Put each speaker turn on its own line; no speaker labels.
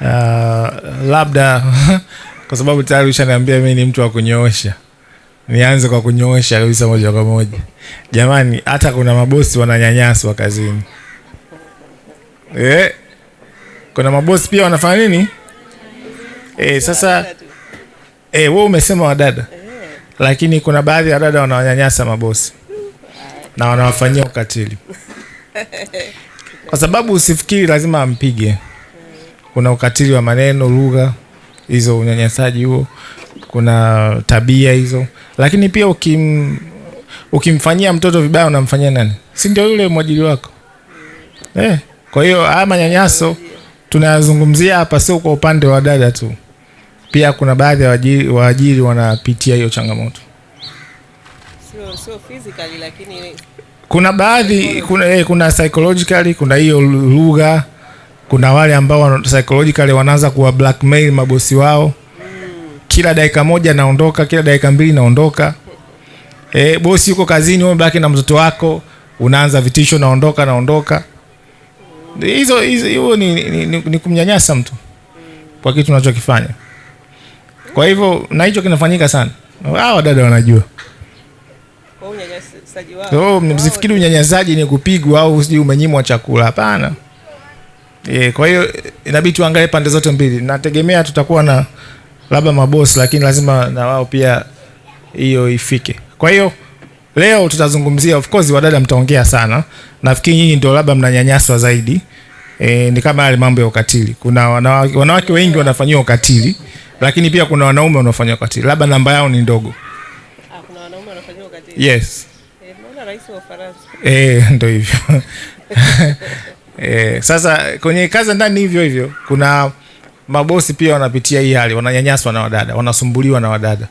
uh, labda kwa sababu tayari ushaniambia mi ni mtu wa kunyoosha, nianze kwa kunyoosha kabisa moja kwa moja. Jamani, hata kuna mabosi wananyanyaswa kazini eh, kuna mabosi pia wanafanya nini eh, sasa eh, wewe umesema wadada, lakini kuna baadhi ya wadada wanawanyanyasa mabosi na wanawafanyia ukatili, kwa sababu usifikiri lazima ampige kuna ukatili wa maneno, lugha hizo, unyanyasaji huo, kuna tabia hizo, lakini pia ukim ukimfanyia mtoto vibaya unamfanyia nani? Si ndio yule mwajili wako eh? Kwa hiyo haya manyanyaso tunayazungumzia hapa sio kwa upande wa dada tu, pia kuna baadhi ya waajiri wanapitia hiyo changamoto.
Sio sio physically, lakini
kuna baadhi kuna, eh, kuna psychologically, kuna hiyo lugha kuna wale ambao psychologically wanaanza kuwa blackmail mabosi wao, kila dakika moja naondoka, kila dakika mbili naondoka. E, bosi yuko kazini, wewe baki na mtoto wako, unaanza vitisho, naondoka, naondoka. Hizo hizo hiyo ni, ni, ni, ni kumnyanyasa mtu kwa kitu unachokifanya. Kwa hivyo na hicho kinafanyika sana, hawa dada wanajua
Kwa unyanyasaji
wao. Oh, msifikiri unyanyasaji ni kupigwa au sijui umenyimwa chakula. Hapana. E, kwa hiyo inabidi tuangalie pande zote mbili. Nategemea tutakuwa na labda mabosi, lakini lazima na wao pia hiyo ifike. Kwa hiyo leo tutazungumzia, of course wadada mtaongea sana, nafikiri nyinyi ndio labda mnanyanyaswa zaidi e, ni kama yale mambo ya ukatili. Kuna wanawake, wanawake wengi wanafanyiwa ukatili, lakini pia kuna wanaume wanaofanyiwa ukatili, labda namba yao ni ndogo.
Ah, kuna wanaume wanafanyiwa ukatili. Yes. Eh, mbona rais wa Faransa?
Eh, ndio hivyo E, sasa kwenye kazi ndani hivyo hivyo, kuna mabosi pia wanapitia hii hali, wananyanyaswa na wadada, wanasumbuliwa na wadada.